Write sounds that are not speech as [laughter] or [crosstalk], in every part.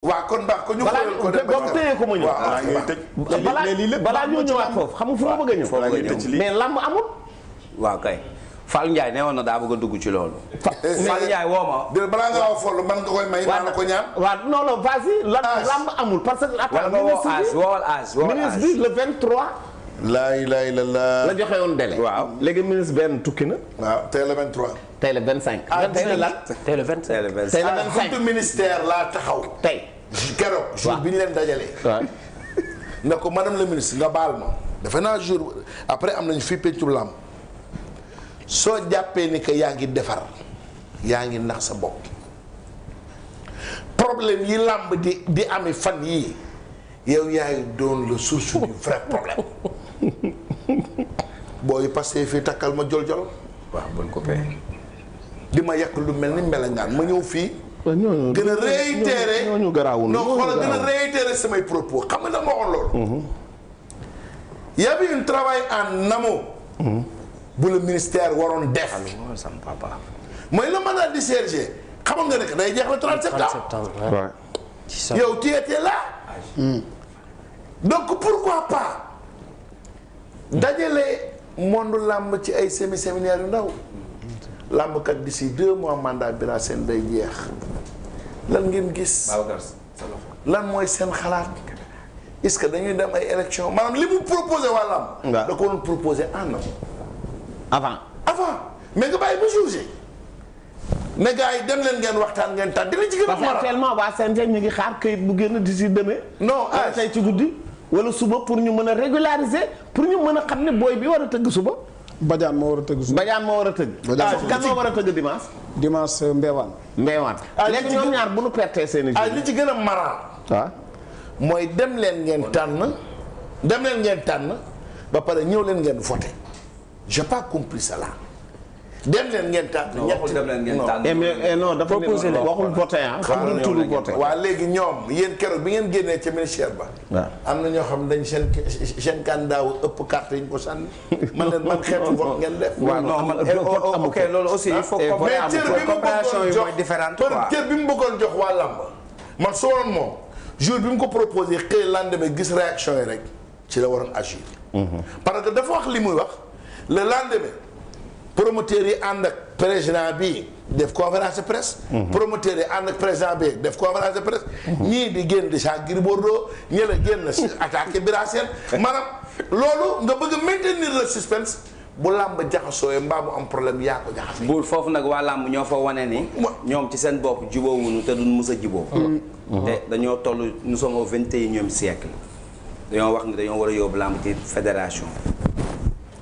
waaw kon baax ko ñu xoolal ko dem ba téye ko ma ñëw. waaw ngay tëj. mais lii lépp ñoo ñëwaat foofu xam nga fu ma bëgg a ñëw. foofu ngay tëj lii mais làmb amul. waaw kay Fall Ndiaye ne woon na daa bëgg a dugg ci loolu. Eh, eh, Fall Ndiaye woo ma. déedéet balaa ngaa wax Fall man nga koy may. waaw ko ñaan waaw non non vas-y. làmb amul parce que. attends ministre bi ministre bi le 23. laa ilaaha illallaah la joxe woon délai. waaw léegi ministre benn tukki na. waaw tey le 23. tey le 25. ah tey le la tey le 25 tey le 25. ah ministère laa taxaw tey keroog jour bi ñu leen dajalee. ne ko madame la ministre nga baal ma. defe naa jour après am nañu fii pencum làmb soo jàppee ni que yaa ngi defar yaa ngi nax sa bopp problème yi làmb di di amee fan yii yow yaay doon la source du vrai problème [laughs] booy passé fii takkal ma jol jol waaw buñ ko pee di ma yàq lu mel ni melengaan ma ñëw fii. gën a réitéré ñooñu garaawul non xoolal gën a réitéré samay propos xam nga da ma mhm. mhm. ministère waroon def. Ah, mooy le mandat du CRG xamoon nga nekk day jeex le 30 septembre. yow tu étais là. Mhm. donc pourquoi pas. dajale monde làmb ci ay semi séminaire yu ndaw. làmbkat d'ici deux mois mandat bi seen day jeex lan ngeen gis. lan mooy seen xalaat. est-ce que dañuy dem ay élection maanaam li mu proposé waa làmb. da ko doon proposé en avant. avant mais nga bàyyi ba jugé. ne gars yi dem leen ngeen waxtaan ngeen tànn dina ci gën a. parce que actuellement waa CNG ñu ngi xaar kayit bu génn d'ici demain. non ah tey ci guddi. wala suba pour ñu mën a régulariser pour ñu mën a xam ne booy bi war a tëgg suba. Badiane moo war a tëgg. Badiane ah, moo war a tëgg. Badiane kan moo war a tëgg dimanche. dimanche euh, Mbewaan. Mbewaan ah, léegi ñoom ñaar bu nu pertee seen i. Ah, li ci gën a maral. waaw mooy dem leen ngeen tànn. dem leen ngeen tànn ba pare ñëw leen ngeen voté j'ai pas compris cela dem leen ngeen tànn. ñetti dem leen ngeen tànn. non eh, eh, dafa ah, léegi ñoom yéen keroog bi ngeen génnee ca ministère ba. waaw am na ñoo xam dañ seen seen candidat wu ëpp carte yi ñu ko sànni. man leen man xeetu vote ngeen def. waaw non man eh, oh, vote oh, ok loolu aussi bi mu bëggoon jox jox waa làmb man soo woon moom jour bi mu ko proposé xëy lendemain gis réaction yi rek ci la waroon agir. Mhm. parce que dafa wax li muy wax la lendemain. promoteurs yi ànd ak président bi def conférence de presse. Mhm. promoteurs yi ànd ak président bi def conférence de presse. Mhm. ñii di génn di saa Gris Bordeaux ñi la génn si [laughs] attaqué Bira Sène maanaam loolu nga bëgg maintenir le suspense bu làmb jaxasoo mbaa mu am problème yaa ko jaxasee. buur foofu nag waa làmb ñoo fa wane ni. ñoom ci seen bopp jubóowuñu te duñ mus a jubóo. Mm. Mm-hmm. te dañoo toll nous sommes vingt et unième siècle dañoo wax ni dañoo war a yóbbu làmb ci fédération.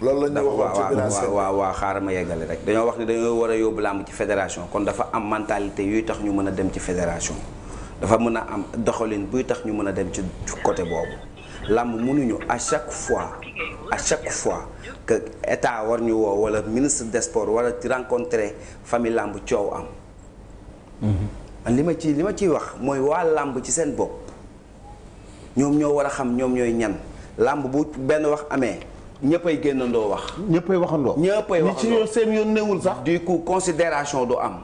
loolu la ñu waxoon waaw waaw xaaral ma yeggale rek dañoo wax ne dañoo war a yóbbu làmb ci fédération kon dafa am mentalité yuy tax ñu mën a dem ci fédération dafa mën a am doxalin buy tax ñu mën a dem ci côté boobu làmb mënuñu a chaque fois a chaque fois que état war ñu woo wala ministre des sports wala ci rencontrer famille làmb coow am. Mhm. li ma ci li ma ciy wax mooy waa làmb ci seen bopp ñoom ñoo war a xam ñoom ñooy ñan làmb bu benn wax amee. ñëppay génnandoo wax. ñëppay waxandoo. ñëppay waxandoo ñi ci seen yoon newul sax. du coup considération du am.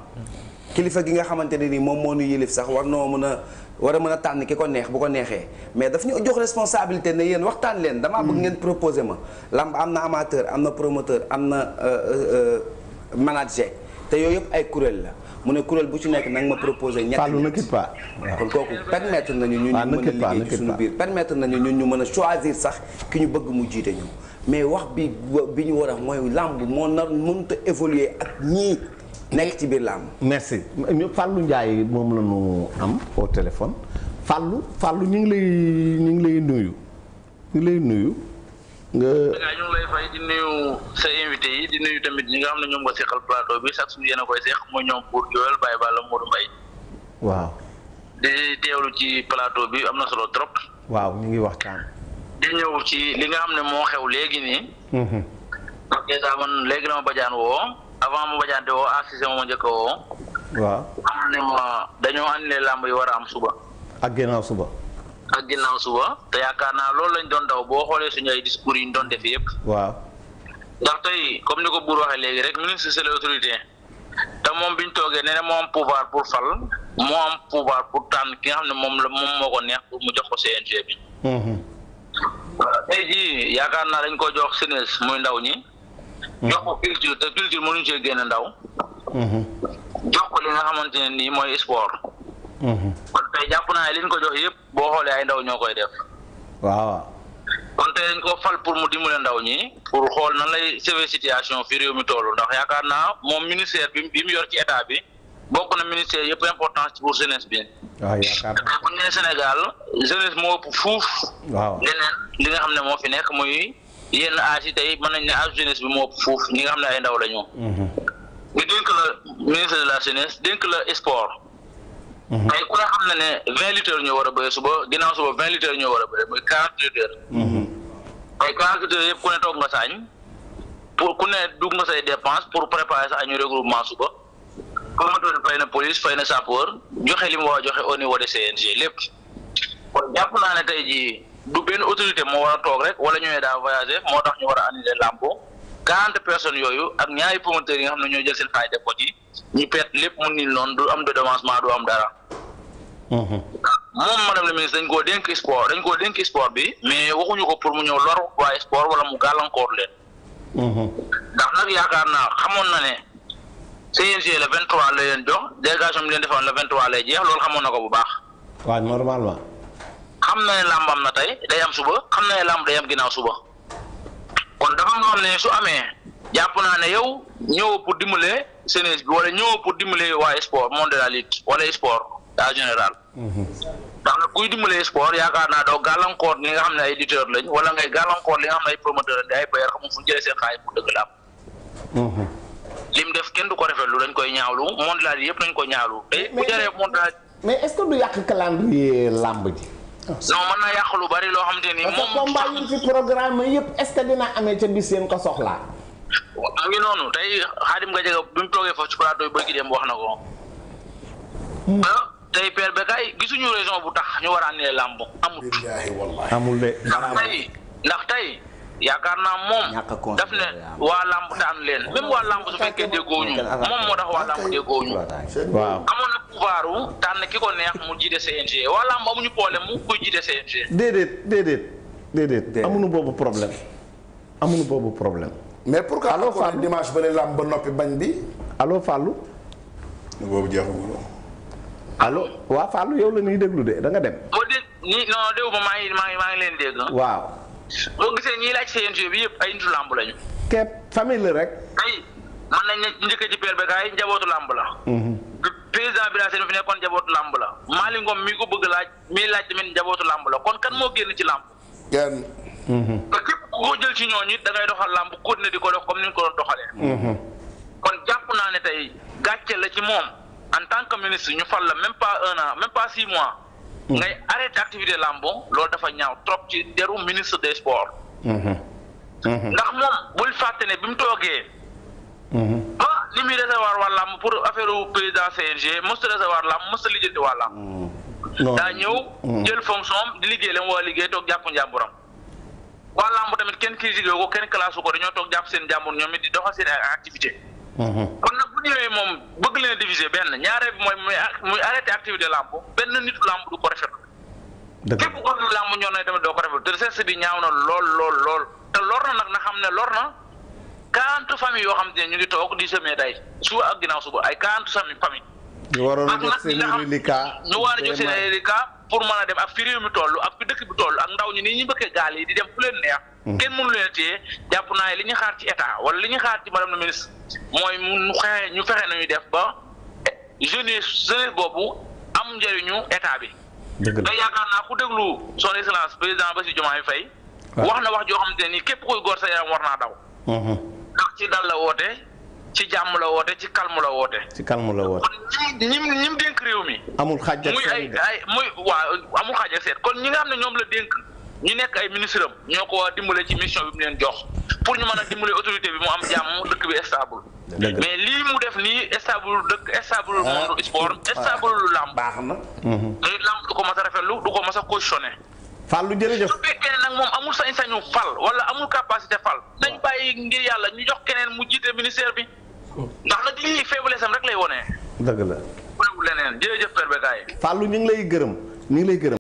kilifa gi nga xamante ne ni moom moo nu yilif sax war noo mën a war a mën a tànn ki ko neex bu ko neexee mais dafa ñu jox responsabilité ne yéen waxtaan leen. damaa bëgg hmm. ngeen proposer ma. lamb am na amateur am na promoteur am na euh, euh, euh, manager te yooyu yëpp ay kuréel la. mu ne kuréel bu ci nekk nag ma proposé ñetti Fallou ne quitte pas kon kooku permettre nañu ñun ñu mën a liggéey ci suñu biir permettre nañu ñun ñu mën a choisir sax ki ñu bëgg mu jiite ñu mais wax bi bi ñu war a mooy làmb moo nar mënut a évoluer ak ñii nekk ci biir làmb. merci ñu Fallou njaay moom la ñu am au téléphone Fallou Fallou ñu ngi lay ñu ngi lay nuyu ñu ngi lay nuyu. nga ñu ngi lay fay di nuyu sa invité yi di nuyu tamit ñi nga xam ne ñoom nga seqal plateau bi chaque jour yéen a koy seq mooy ñoom pour Joël Baye Balla Modou Mbaye. waaw. di teewlu ci plateau bi am na solo trop. waaw ñu ngi wax waxtaan. di ñëw ci li nga xam ne moo xew léegi nii. ndax mhm. dèjà man léegi la ma bajaan woo avant ma bajaan di woo assisé ma ma njëkk woo. waaw xam ne ma dañoo annulé làmb yi war a am suba. ak ginnaaw suba. ak ginnaaw suba te yaakaar naa loolu lañ doon daw boo xoolee suñu ay discours yi ñu doon def yëpp. waaw ndax tey comme ni ko buur waxee léegi rek ministre c'est autorité te moom bi ñu toogee nee na moo am pouvoir pour fal moo am pouvoir pour tànn ki nga xam ne moom la moom moo ko neex pour mu jox ko CNG bi. Mhm. voilà tey yaakaar naa dañ ko jox jeunesse mooy ndaw ñi. Hmm. jox ko culture te culture mënuñu cee génn ndaw. Hmm. jox ko li nga xamante ne nii mooy sport. Hmm. kon tey jàpp naa ne li ñu ko jox yëpp boo xoolee ay ndaw ñoo koy def. waaw. kon tey dañ ko fal pour mu dimbale ndaw ñi pour xool na lay sauver situation fi réew mi toll ndax yaakaar naa moom ministère bi bi mu yor ci état bi. bokk na ministère yëpp importance ci pour jeunesse bi. waaw ah, yaakaar naa bu ñu Sénégal jeunesse moo ëpp fuuf. li nga xam ne moo fi nekk mooy yenn âge yi tey mën nañ ne âge jeunesse bi moo ëpp fuuf ñi nga xam ne ay ndaw la ñu. ñu mhm. dénk la ministre de la jeunesse dénk la sport. Mhm. tey ku la xam ne ne vingt litres ñoo war a bëri suba ginnaaw suba vingt litres ñoo war a bëri muy quarante litres. Mhm. tey quarante litres yëpp ku ne toog nga saañ pour ku ne dugg nga say dépense commandoor fay na police fay na sapeur joxe li mu war a joxe au niveau de CNG lépp kon jàpp naa ne tey ji du benn autorité moo war a toog rek wala ñu ne daa voyagé moo tax ñu war a annulé lambo quarante personnes yooyu ak ñaari promoteurs yi nga xam ne ñoo jël seen xaalis def ko ci ñu perte lépp mu nil noon du am dédommagement du am dara. Mhm. moom madame la ministre dañ koo dénk sport dañ koo dénk sport bi mais waxuñu ko pour mu ñëw lor waa sport wala mu gàllankoor leen. Mhm. ndax yaakaar naa na ne. CNG le 23 la leen jox délégation bi leen defoon le 23 lay jeex loolu xamoon na ko bu baax. waaw normalement. xam na ne làmb am na tey day am suba xam na ne làmb day am ginnaaw suba kon dafa am xam ne su amee jàpp naa ne yow ñëw pour dimbale CNG bi wala ñëw pour dimbale waa sport monde de la lutte wala sport en général. Mhm. ndax nag kuy dimbalee sport yaakaar naa doo gàllankoor li nga xam ne ay lutteurs lañ wala ngay gàllankoor li nga xam ne ay promoteurs lañ ay bailleurs xamul fu kenn du ko rafetlu dañ koy ñaawlu monde laa yëpp dañ ko ñaawlu. mais bu jëree monde laa mais est du yàq calendrier làmb ji. lu bari loo xamante ni. moom combat yi fi programme yëpp est-ce que dina mu ngi noonu tey xaadim nga jega bi mu toogee foofu ci plateau bi bëgg dem wax na ko. Hmm. Ah, tey père Bécaye gisuñu raison bu tax ñu war a annulé làmb amul. amul de. ndax tey ndax tey. yaakaar naa moom daf ne waa làmb daanu leen ah, même waa làmb su fekkee déggoo ñu moom moo tax waa làmb déggoo ñu waaw amoon na pouvoir wu tànn ki ko neex mu jiite CNG waa làmb amuñu problème mu kuy jiite CNG déedéet déedéet déedéet amuñu boobu problème amuñu boobu problème mais pourquoi allo Fallou dimanche ba lee làmb ba noppi bañ bi allo Fallou boobu jeexagul allo waa Fallou yow la ñuy déglu de da dem moo dégg ni non déggu ma maa ngi maa ngi maa leen waaw boo gisee ñiy laaj CNG bi yëpp ay nitu làmb lañu. képp famille la rek. ay mën nañ ne njëkk ci père Bécaye njabootu làmb la. Mhm. président bi seen fi nekkoon njabootu làmb la Malick Ngom mi ko bëgg laaj mi laaj tamit njabootu làmb la kon kan moo génn ci làmb. kenn. Mhm. te képp koo jël ci ñooñu dangay ngay doxal làmb continuer di ko dox comme ni ko doon doxalee. Mhm. kon jàpp naa ne tey gàcce la ci moom en tant que ministre ñu fal la même pas un an même pas six mois. Mmh. ngay arrêté activité lambon loolu dafa ñaaw trop ci deru ministre des sports. Mmh. Mmh. ndax moom bul fàtte ne bi mu toogee. ba li muy recevoir waa làmb pour affaire président CNG mësta recevoir làmb mësta lijjanti waa làmb. daa ñëw jël fonction di liggéey leen waa liggéey toog jàpp njàmburam. waa làmb tamit kenn critiqué ko kenn classé ko dañoo toog jàpp seen njàmbur ñoom di doxal seen activité. Mm-hmm. kon nag moom bëgg leen diviser benn ñaaree bi mooy muy arrêté activité làmb benn nit làmb du ko rafetlu. dëgg la képp ku rafetlu làmb ñoo ne tamit doo ko rafetlu te geste bi ñaaw na lool lool lool te lor na nag na xam ne lor na quarante famille yoo xam ne ñu ngi toog di semé day suba ak ginnaaw suba ay quarante famille. ñu waroon a jox seen reliquat ñu war a jox seen reliquat pour mën a dem ak fi mi toll ak fi dëkk bi toll ak ndaw ñi ni ñu bëggee gaal yi di dem fu leen kenn mënu leen téye jàpp naa li ñu xaar ci état wala li ñu xaar ci madame la ministre mooy mu xeexe ñu fexe nañu def ba jeunesse jeunesse boobu am njëriñu état bi. dëgg la yaakaar naa ku déglu son excellence président Bassirou Diomaye Faye. wax na wax joo xamante ni képp koy góor sa yaram war naa daw. Mhm. ndax ci dal la woote ci jàmm la woote ci calme la woote. ci calme la woote kon ñi ñi ñi dénk réew mi. amul xaaj ak seet muy seet kon ñi nga am ne ñoom la dénk. ñu nekk ay ministre ñoo ko war a ci mission bi mu leen jox pour ñu mën a dimbale autorité bi mu am jàmm dëkk bi stable. mais lii mu def nii stable dëkk stable ah. monde sport ah. stable lu làmb. baax na. mais mhm. ko mas a rafetlu du ko mas a cautionné. Fallou jërëjëf su fekkee ne nag moom amul sañ-sañu fal wala amul capacité fal nañ bàyyi ngir yàlla ñu jox keneen mu jiite ministère bi oh. ndax nag lii faiblesse am rek lay wone. dëgg la. bu leneen jërëjëf Père Becaye. Fallou ñu ngi lay gërëm ñu ngi lay gërëm.